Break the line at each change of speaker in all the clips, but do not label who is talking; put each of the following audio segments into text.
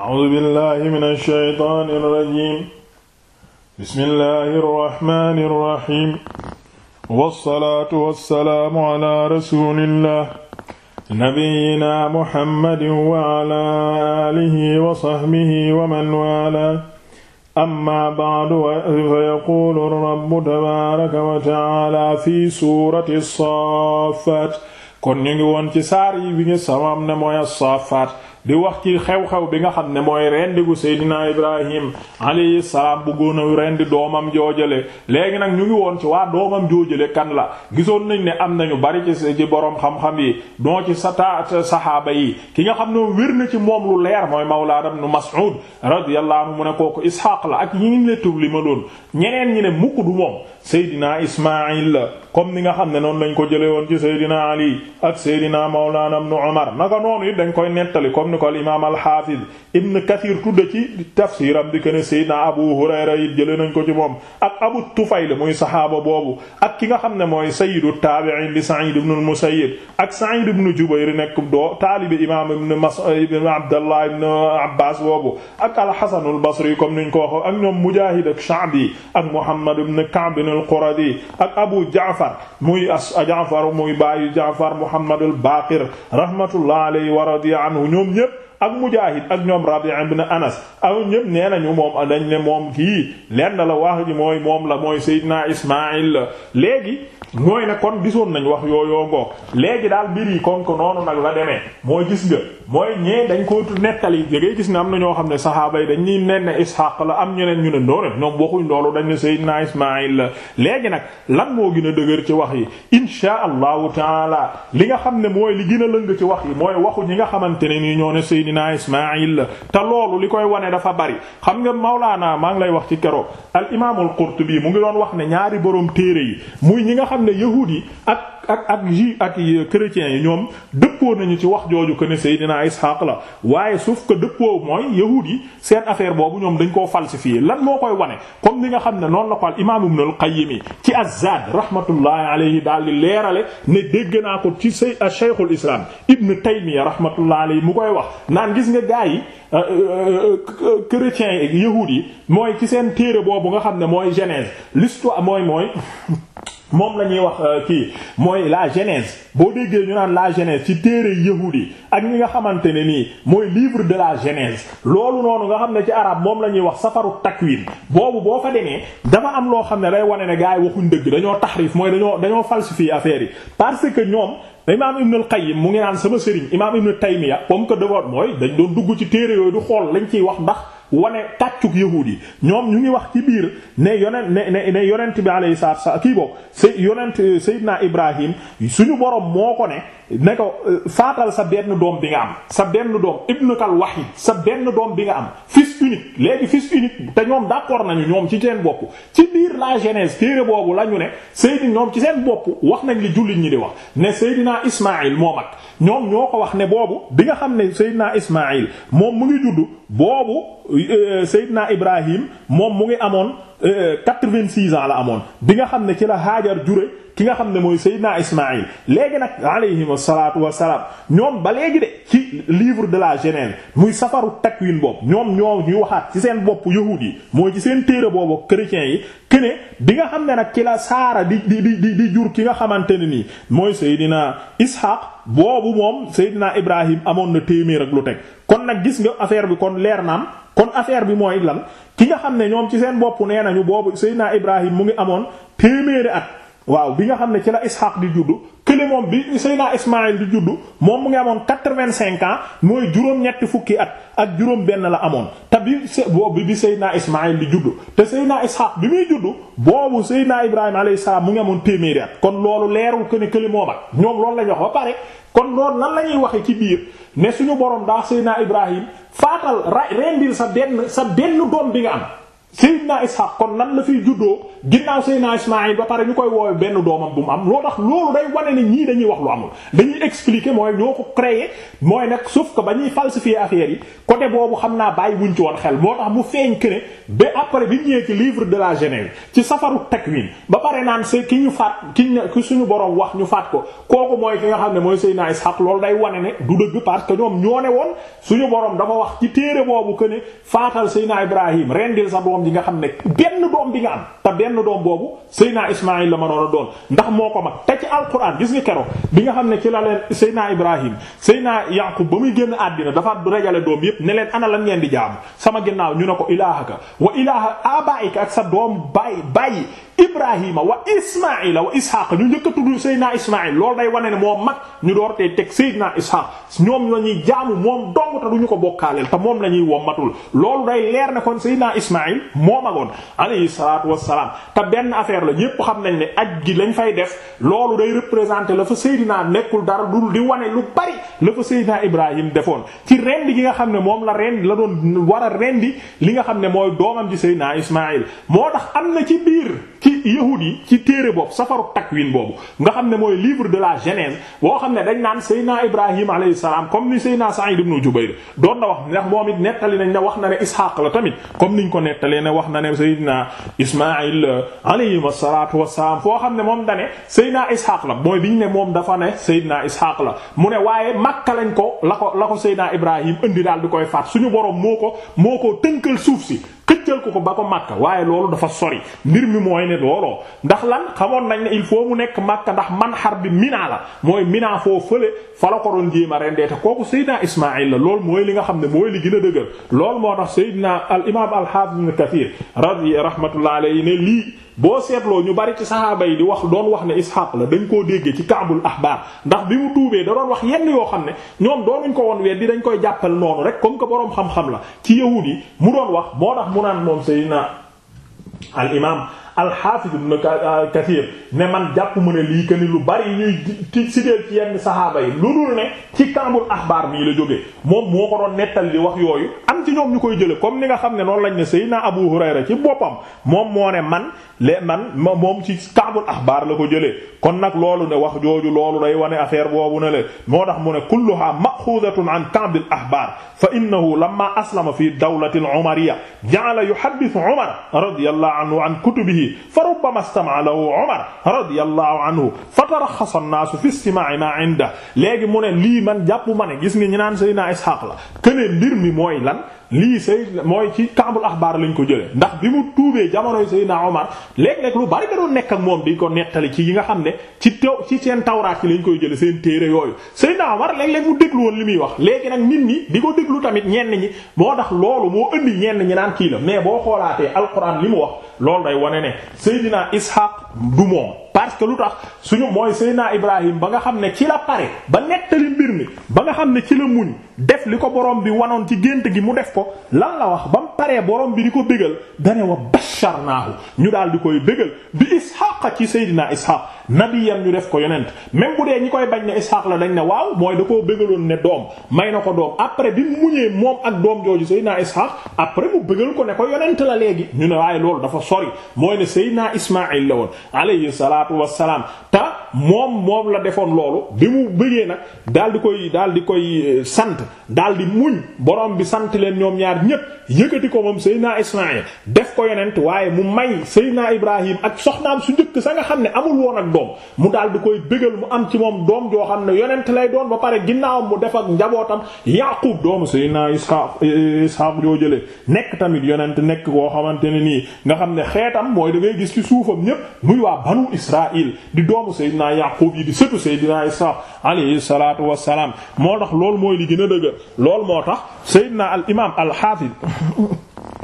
A'uuzu billaahi mina shaytaani rajiim. Bismillaahi rahmaani rahiim. Wassalaatu wassalaamu alaa rasuulillaah. Nabiyyinaa Muhammadin wa alaa aalihi wa sahbihi wa man waalaa. Ammaa ba'du fayaquulu rabbu tabaaraka wa ta'aalaa fi suurati Saaffaat. Kon ñu ngi woon ci saar yi bi nga xam ne mooy Saaffaat. di wax ci xew-xew bi nga xam ne mooy rendigu Seydina Ibrahim alayhi salaam bëggoon a rendi doomam joojale léegi nag ñu ngi woon ci waa doomam joojale kan la gisoon nañ ne am nañu bari ci ci borom xam-xam yi don ci sata saxaaba yi ki nga xam ne wér na ci moom lu leer mooy Mawlaana Ibn Mas'ud radiyallahu anhu mu ne kooku Isxaaq la ak ñi ngi li ma doon ñeneen ñi ne mukk du moom Seydina Ismaayil la comme ni nga xam ne noonu nañ ko jëlee woon ci Seydina Ali ak Seydina Mawlaana Ibn Umar dañ koy nettali comme ni ko al imaam alxaafiz ibn kathir tudda ci tafsiram di kene seydina abu hurayra it jële nañ ko ci moom ak abu tufayl muy saxaaba boobu ak ki nga xam ne mooy sayyidu taabi'in di sa'id ibn al musayyib ak sa'id ibn jubayr nekk doo taalibi imaam ibn mas ibn abdallah ibn abbas boobu ak alxasan al basri comme niñ ko waxee ak ñoom mujaahid ak sha'bi ak muhammad ibn ka'b al quradi ak abu ja'far muy as ja'far muy baayu ja'far muhammad al baqir rahmatullah alayhi wa radiya anhu ñoom ak Mujaahid ak ñoom Rabi' ibn Anas aw ñëpp nee nañu moom dañ ne moom kii lenn la wax ji mooy moom la mooy Seydina Ismaïl la léegi mooy ne kon gisoon nañu wax yooyoo ngoog léegi daal mbir yi kon ko noonu nag la demee mooy gis nga mooy ñee dañ ko nettali da ngay gis ne am na ñoo xam ne saxaaba yi dañ ni nen ne Ishaq la am ñeneen ñu ne doone ñoom waxuñ loolu dañ ne Seydina Ismaïl la léegi nag lan moo gën a dëgër ci wax yi insha allahu taala li nga xam ne mooy li gën a lëng ci wax yi mooy waxu ñi nga xamante ne nii ñoo ne Seydina Ismaïl la te loolu li koy wane dafa bari xam nga Maulana maa ngi lay wax ci keroog al imaamul Qurtubi mu ngi doon wax ne ñaari borom téere yi muy ñi nga xam ne yi ak ak ak ju ak euh, chrétiens yi ñoom dëppoo nañu ci wax jooju ko ne Seydina Ishaq la waaye suuf ko dëppoo mooy yahuud yi seen affaire boobu ñoom dañ koo falsifié lan moo koy wane comme li nga xam ne noon la ko al imaam Ibn al-Qayyim yi ci Az-Zaad rahmatullahi alayhi daal di leerale ne dégg naa ko ci say Shaykhul euh, Islam Ibn Taymiyya rahmatullahi alayhi mu koy wax naan gis nga gaa yi euh, chrétiens yi yahuud yi mooy ci seen téere boobu nga xam ne mooy Genèse l'histoire mooy mooy moom la ñuy wax euh, kii mooy la genèse boo déggee ñu naan la genèse ci téere yahuud yi ak ñi nga xamante ne nii mooy livre de la genèse loolu noonu nga xam ne ci arab moom la ñuy wax safaru takwin boobu boo fa demee dafa am loo xam ne day wane ne gaa yi waxuñ dëgg dañoo taxrif mooy dañoo dañoo falsifier affaire yi parce que ñoom imaam ibn al-Qayyim mu ngi naan sama sëriñ imaam ibn Taymiya comme que devoon mooy dañ doon dugg ci téere yooyu du xool lañ ciy wax ndax wane tàccug yahuud yi ñoom ñu ngi wax ci biir ne yonent ne ne yonent bi alayhi salaatu wasallam kii boobu say yonent Seydina Ibrahim suñu borom moo ko ne ne ko euh, faatal sa benn doom bi nga am sa benn doom ibnukal wahid sa benn doom bi nga am fils unique léegi fils unique te ñoom d'accord nañu ñoom ci seen bopp ci biir la Genèse téere boobu la ñu ne Seydina ñoom ci seen bopp wax nañ li jullit di wax ne Seydina Ismaïl moo mag ñoom ñoo ko wax ne boobu bi nga xam ne Seydina Ismaïl moom mu ngi juddu boobu Euh, Seydina Ibrahim moom mu ngi amoon euh, quatre-vingt-six ans la amoon bi nga xam ne ci la Hajar jure ki nga xam ne mooy Seydina Ismaïl léegi nag alayhim asalaatu wasalaam ñoom ba léegi ci livre de la Genèse muy safaru takwin boobu ñoom ñoo ñuy waxaat seen bopp yahuud yi mooy ci seen téere boobu chrétiens yi kene bi nga xam ne nag ci la Saara di di di di jur ki nga xamante ne nii mooy Seydina Ishaq boobu moom Seydina Ibrahim amoon na téeméer ak lu teg kon nag gis nga affaire bi kon leer naam kon affaire bi mooy lan ki nga xam ne ñoom ci seen boppu nee nañu boobu Seydina Ibrahim mu ngi amoon téeméeri at waaw bi nga xam ne ci la Ishaq di juddu kële moom bi Seydina Ismaïl di juddu moom mu ngi amoon quatre-vingt-cinq ans mooy juróom-ñetti fukki at ak juróom-benn la amoon te bi boobu bi Seydina Ismaïl di juddu te Seydina Ishaq bi muy juddu boobu Seydina Ibrahima alayhi salaam mu ngi amoon téeméeri at kon loolu leerul que ne kële moom ak ñoom loolu la ñu wax ba pare kon loolu nan la ñuy waxee ci biir ne suñu borom daa Seydina Ibrahim faatal ra rendil sa benn sa benn doom bi am. Seydina Ishaq kon nan la fiy juddoo ginnaaw Seydina Ismaïl ba pare ñu koy woowe benn doomam bu mu am loo tax loolu day wane ne ñii dañuy wax lu amul dañuy expliquer mooy ñoo ko créer mooy nag sauf que ba ñuy falsifier affaire yi côté boobu xam naa bàyyi wuñ ci xel moo tax mu feeñ que ne ba après bi ñëwee ci livre de la Genèse ci safaru takwin ba pare naan c'est ki ñu faat ki suñu borom wax ñu faat ko kooku mooy ki nga xam ne mooy Seydina Ishaq loolu day wane ne du dëgg parce que ñoom ñoo ne woon suñu borom dafa wax ci téere boobu que ne faatal Seydina Ibrahim rendil sa doom doom bi nga xam ne benn doom bi nga am te benn doom boobu Seydina Ismaïl la mënoon a doon ndax moo ko mag te ci alquran gis nga keroog bi nga xam ne ci la leen Seydina Ibrahim Seydina Yaqub ba muy génn àddina dafa rajale doom yépp ne leen ana lan ngeen di jaamu sama ginnaaw ñu ne ko ilaahaka wa ilaaha abaika ak sa doom bàyyi bàyyi Ibrahima wa Ismaïla wa Ishaq ñu njëkk a tudd Seydina Ismaïl loolu day wane ne moo mag ñu door tey teg Seydina Ishaq ñoom la ñuy jaamu moom dong te duñu ko bokkaaleel te moom la ñuy wommatul loolu day leer ne kon Seydina moo magoon alayhi salaatu wassalaam te benn affaire la ñépp xam nañ ne aj gi lañ fay def loolu day représenter la fa Seydina nekkul dara dul di wane lu bari la fa Seydina Ibrahim defoon ci rendi gi nga xam ne moom la rendi la doon war a rendi li nga xam ne mooy doomam ji Seydina Ismaïl moo tax am na ci biir ci yahud yi ci téere boobu safaru takwin boobu nga xam ne mooy livre de la genèse boo xam ne dañ naan Seydina Ibrahim alayhi salaam comme ni Seydina Sa'id ibn Jubayr doon na wax ndax moom it nettali nañ wax na ne Ishaq la tamit comme niñ ko nettalee ne wax na ne Seydina Ismaïl alayhi salaatu wassalaam foo xam ne moom dane Seydina Ishaq la mooy biñ ne moom dafa ne Seydina Ishaq la mu ne waaye Makka lañ ko la ko la ko Seydina Ibrahim indi daal di koy faat suñu borom moo ko moo ko tënkal suuf si xëccal ko ko ba ko Makka waaye loolu dafa sori mbir mi mooy ne looloo ndax lan xamoon nañ ne il faut mu nekk Makka ndax man xar bi Mina la mooy Mina foo fële fa la ko doon jéem a rendee te kooku Seydina Ismaïl la lool mooy li nga xam ne mooy li gën a dëgër loolu moo tax Seydina al imaam al Hafiz Ibn radi rahmatullah alayhi ne lii boo seetloo ñu bari ci saxaaba yi di wax doon wax ne Ishaq la dañ koo déggee ci kaabul ahbaar ndax bi mu tuubee da doon wax yenn yoo xam ne ñoom doonuñ ko woon weddi dañ koy jàppal noonu rek comme que boroom xam-xam la ci yahuud yi mu doon wax moo tax mu naan moom Seydina al imaam alxaafiz ibn euh, kathir ne man jàpp mu ne lii que ni lu bari ñuy ci sidéel ci yenn yi lu dul ne ci kambul axbaar mii la jógee moom moo ko doon nettal li wax yooyu am ci ñoom ñu koy jële comme ni nga xam ne noonu lañ ne Seydina Abu Hurayra ci boppam moom moo ne man le man moom ci kambul axbaar la ko jële kon nag loolu ne wax jooju loolu day wane affaire boobu ne le moo tax mu ne kulluha maxudatun an kambul axbaar fa innahu lamma aslama fi dawlati al umariyya ja'ala yuhaddithu Umar radiyallahu bihi fa rubbama istama'alahu Umar radiyallahu anhu fataraxxasa an-naasu fi istima'i ma 'inda léegi mu ne lii man jàpp ma ne gis nga ñi naan Seydina Ishaq la kene mbir mi mooy lan lii say mooy ci kambul axbaar lañ ko jëlee ndax bi mu tuubee jamonoy Seydina Omar léeg-léeg lu bari da doon nekk ak moom di ko nekkali ci yi nga xam ne ci taw ci seen tawraat yi lañ koy jëlee seen téere yooyu Seydina Omar léeg-léeg mu déglu woon li muy wax léegi nag nit ñi di ko déglu tamit ñenn ñi moo tax loolu moo indi ñenn ñi naan kii mais boo xoolaatee alquran Seydina Ishaq du moom parce que lu tax suñu mooy Seyna Ibrahim ba nga xam ne ci la pare ba nettali mbir mi ba nga xam ne ci la muñ def li ko borom bi wanoon ci gént gi mu def ko lan la wax ba mu paree borom bi di ko bégal dane wa basharnaahu ñu daal di koy bégal bi Ishaq ci Seydina Ishaq nabiyam ñu def ko yonent même bu dee ñi koy bañ ne dañ ne waaw mooy da koo bégaloon ne doom may na ko doom après bi muñee moom ak doom jooju Seydina Ishaq après mu bégal ko ne ko yonent la léegi ñu ne waaye loolu dafa sori mooy ne Seydina Ismaïl la woon alayhi salaam salaatu wassalaam ta moom moom la defoon loolu bi mu bëggee nag daal di koy daal di koy euh, sant daal di muñ borom bi sant leen ñoom ñaar ñépp yëkkati ko moom Seydina Ismaïl def ko yonent waaye mu may Seydina Ibrahim ak soxnaam su njëkk sa nga xam ne amul woon ak mu daal di koy bégal mu am ci moom doom joo xam ne yonent lay doon ba pare ginnaawam mu def ak njabootam Yaqub doomu Seydina Ishaq euh, Ishaq joo jëlee nekk tamit yonent nekk koo xamante ne nii nga xam ne xeetam mooy da ngay gis ci suufam ñépp muy waa banu Israël di doomu Seydina Seydina Yaqub yi di sëtu Seydina Ishaq alayhi moo tax lool mooy li gën a dëgg moo tax Seydina al imaam al haafid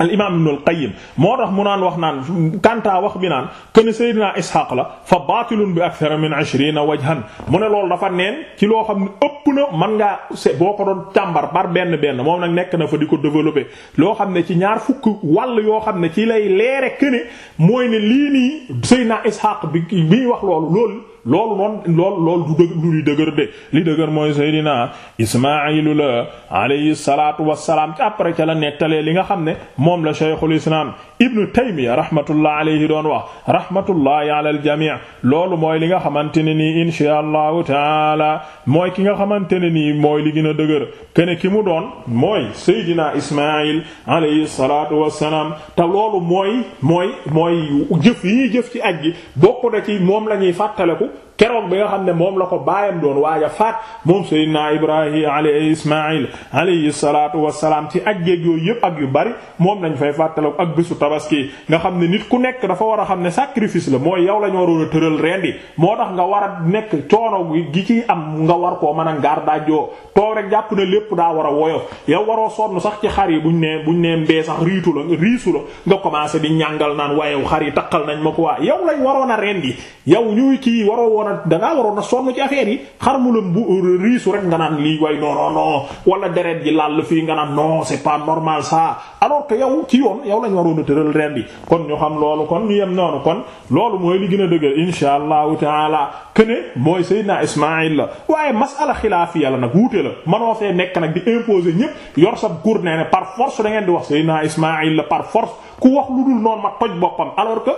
al imaam ibn al moo tax mu naan wax naan kanta wax bi naan ken seydina ishaq la fa baatilun bi akthara min ishrina wajhan mu ne loolu dafa neen ci loo xam ne ëpp na mën ngaa boo ko doon càmbar par benn benn moom nag nekk na fa di ko développer loo xam ne ci ñaar fukk wàll yoo xam ne ci lay leere kene mooy ne lii nii seydina ishaq bi wax loolu loolu loolu noonu loolu loolu du dëgg du li dëgër de li dëgër mooy Seydina Ismaayilu la alayhi salaatu wassalaam après ca la nettalee li nga xam ne moom la Shaykhul Islam Ibn Taymiyya rahmatullah alayhi doon wax rahmatullahi ala al jamii loolu mooy li nga xamante ne nii insha allahu taala mooy ki nga xamante ne nii mooy li gën a dëgër kene ki mu doon mooy Seydina Ismaayil alayhi salaatu wassalaam te loolu mooy mooy mooy jëf yi ñuy jëf ci aj gi bokk na ci moom la ñuy fàttaleku keroog bi nga xam ne moom la ko baayam doon waaja faat moom Seydina Ibrahima alayhi Ismaïl alayhi salaatu wassalaam ci ak géeg yooyu yëpp ak yu bari moom lañ fay fàttaliku ak bésu tabaski nga xam ne nit ku nekk dafa war a xam ne sacrifice la mooy yow la ñu waroon a tëral rendi moo tax nga war a nekk coono gi ciy am nga war koo mën a ngaar daajoo toog rek jàpp na lépp daa war a woyof yow sonn sax ci xar yi buñ nee buñ nee mbee sax riitu la riisu la commencé di ñàngal naan waaye xar yi takkal nañ ma ko waa yow lañ a rendi ñuy kii waroo woon a dangaa waroon a sonn ci affaire yi xar mu la bu euh, riisu rek nga naan lii way non non non deret ji lal fii nga naan non c'est pas normal ça alors que yow ci yoon yow lañ waroon a tëral ren kon ñu xam loolu kon ñu yem noonu kon loolu mooy li gën a dëgër insha allahu taala kene mooy Seydina Ismaïl la waaye masala xilaafiya la nag wuute la manoo fee nekk nag di imposer ñépp yor sa gur nee ne par force dangeen di wax Seydina Ismaïl la par force ku wax lu dul noonu ma toj boppam alors que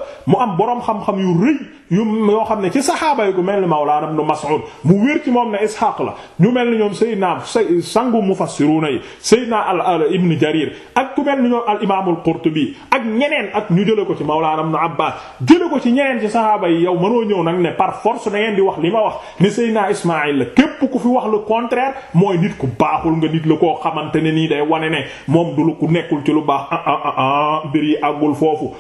am boroom yu yoo xam ne ci saxaaba yi ku mel ni Mawlaana Ibn Mas'ud mu wér ci moom ne Isxaaq la ñu mel ni ñoom Seydina sangu mufassiruuna yi Seydina al al Ibn Jarir ak ku mel ni ñoom al imaamul Qurtubi ak ñeneen ak ñu jëlee ko ci Mawlaana Ibn Abbaas jëlee ko ci ñeneen ci saxaaba yi yow mënoo ñëw nag ne par force da ngeen di wax li ma wax ne Seydina Ismaayil la képp ku fi wax lu contraire mooy nit ku baaxul nga nit la koo xamante ne nii day wane ne moom du ku nekkul ci lu baax ah ah, ah, ah mbir yi àggul foofu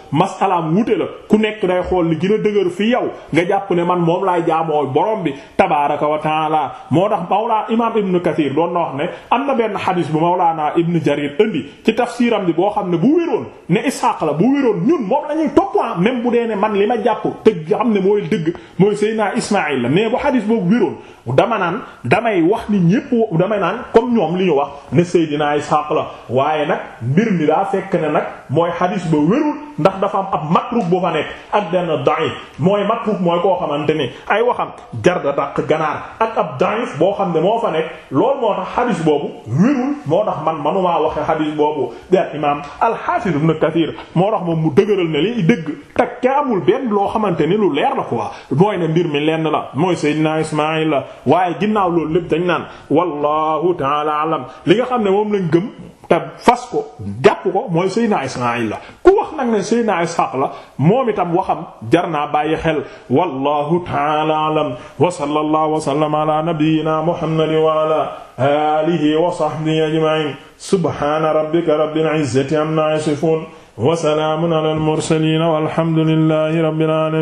yow nga jàpp ne man moom laay jaamoo borom bi tabaaraka wa taala moo tax mawlaa imaam ibnu kathir doon na wax ne am na benn xadis bu mawlaana ibnu jarir indi ci tafsiram bi boo xam ne bu wéroon ne ishaq la bu wéroon ñun moom la ñuy topp ah, même bu dee ne man li ma jàpp tëgg nga xam ne mooy dëgg mooy seydinaa ismaayil la mais bu xadis boobu wiroon dama naan damay wax ni ñépp damay naan comme ñoom li ñu wax ne seydinaa ishaq la waaye nag mbir mi daa fekk ne nag mooy xadis ba wérul ndax dafa am ab matruk bu fa nekk ak benn da'if mooy matruk mooy koo xamante ni ay waxam jar daq ganaar ak ab da'if boo xam ne moo fa nekk loolu moo tax xadis boobu wérul moo tax man manumaa waxe xadis boobu der imam al-Hafiz ibn Kathir moo tax moom mu dëgëral ne li dëgg tak ka amul benn loo xamante ni lu leer la quoi mooy na mbir mi lenn la mooy Seydina Ismaïl la waaye ginnaaw loolu lépp dañ naan wallahu ta alam li nga xam ne moom lañ gëm te fas ko jàpp ko mooy Seydina Ismaïl la ku wax nag ne Seydina Ishaq la moom itam waxam jar naa bàyyi xel wallahu ta'ala alam wa sallallahu wa sallama ala nabiyyina muhammadin wa ala alihi wa sahbihi ajma'in subhana rabbika rabbil izzati amma yasifun wa salamun ala al mursalin walhamdulillahi rabbil alamin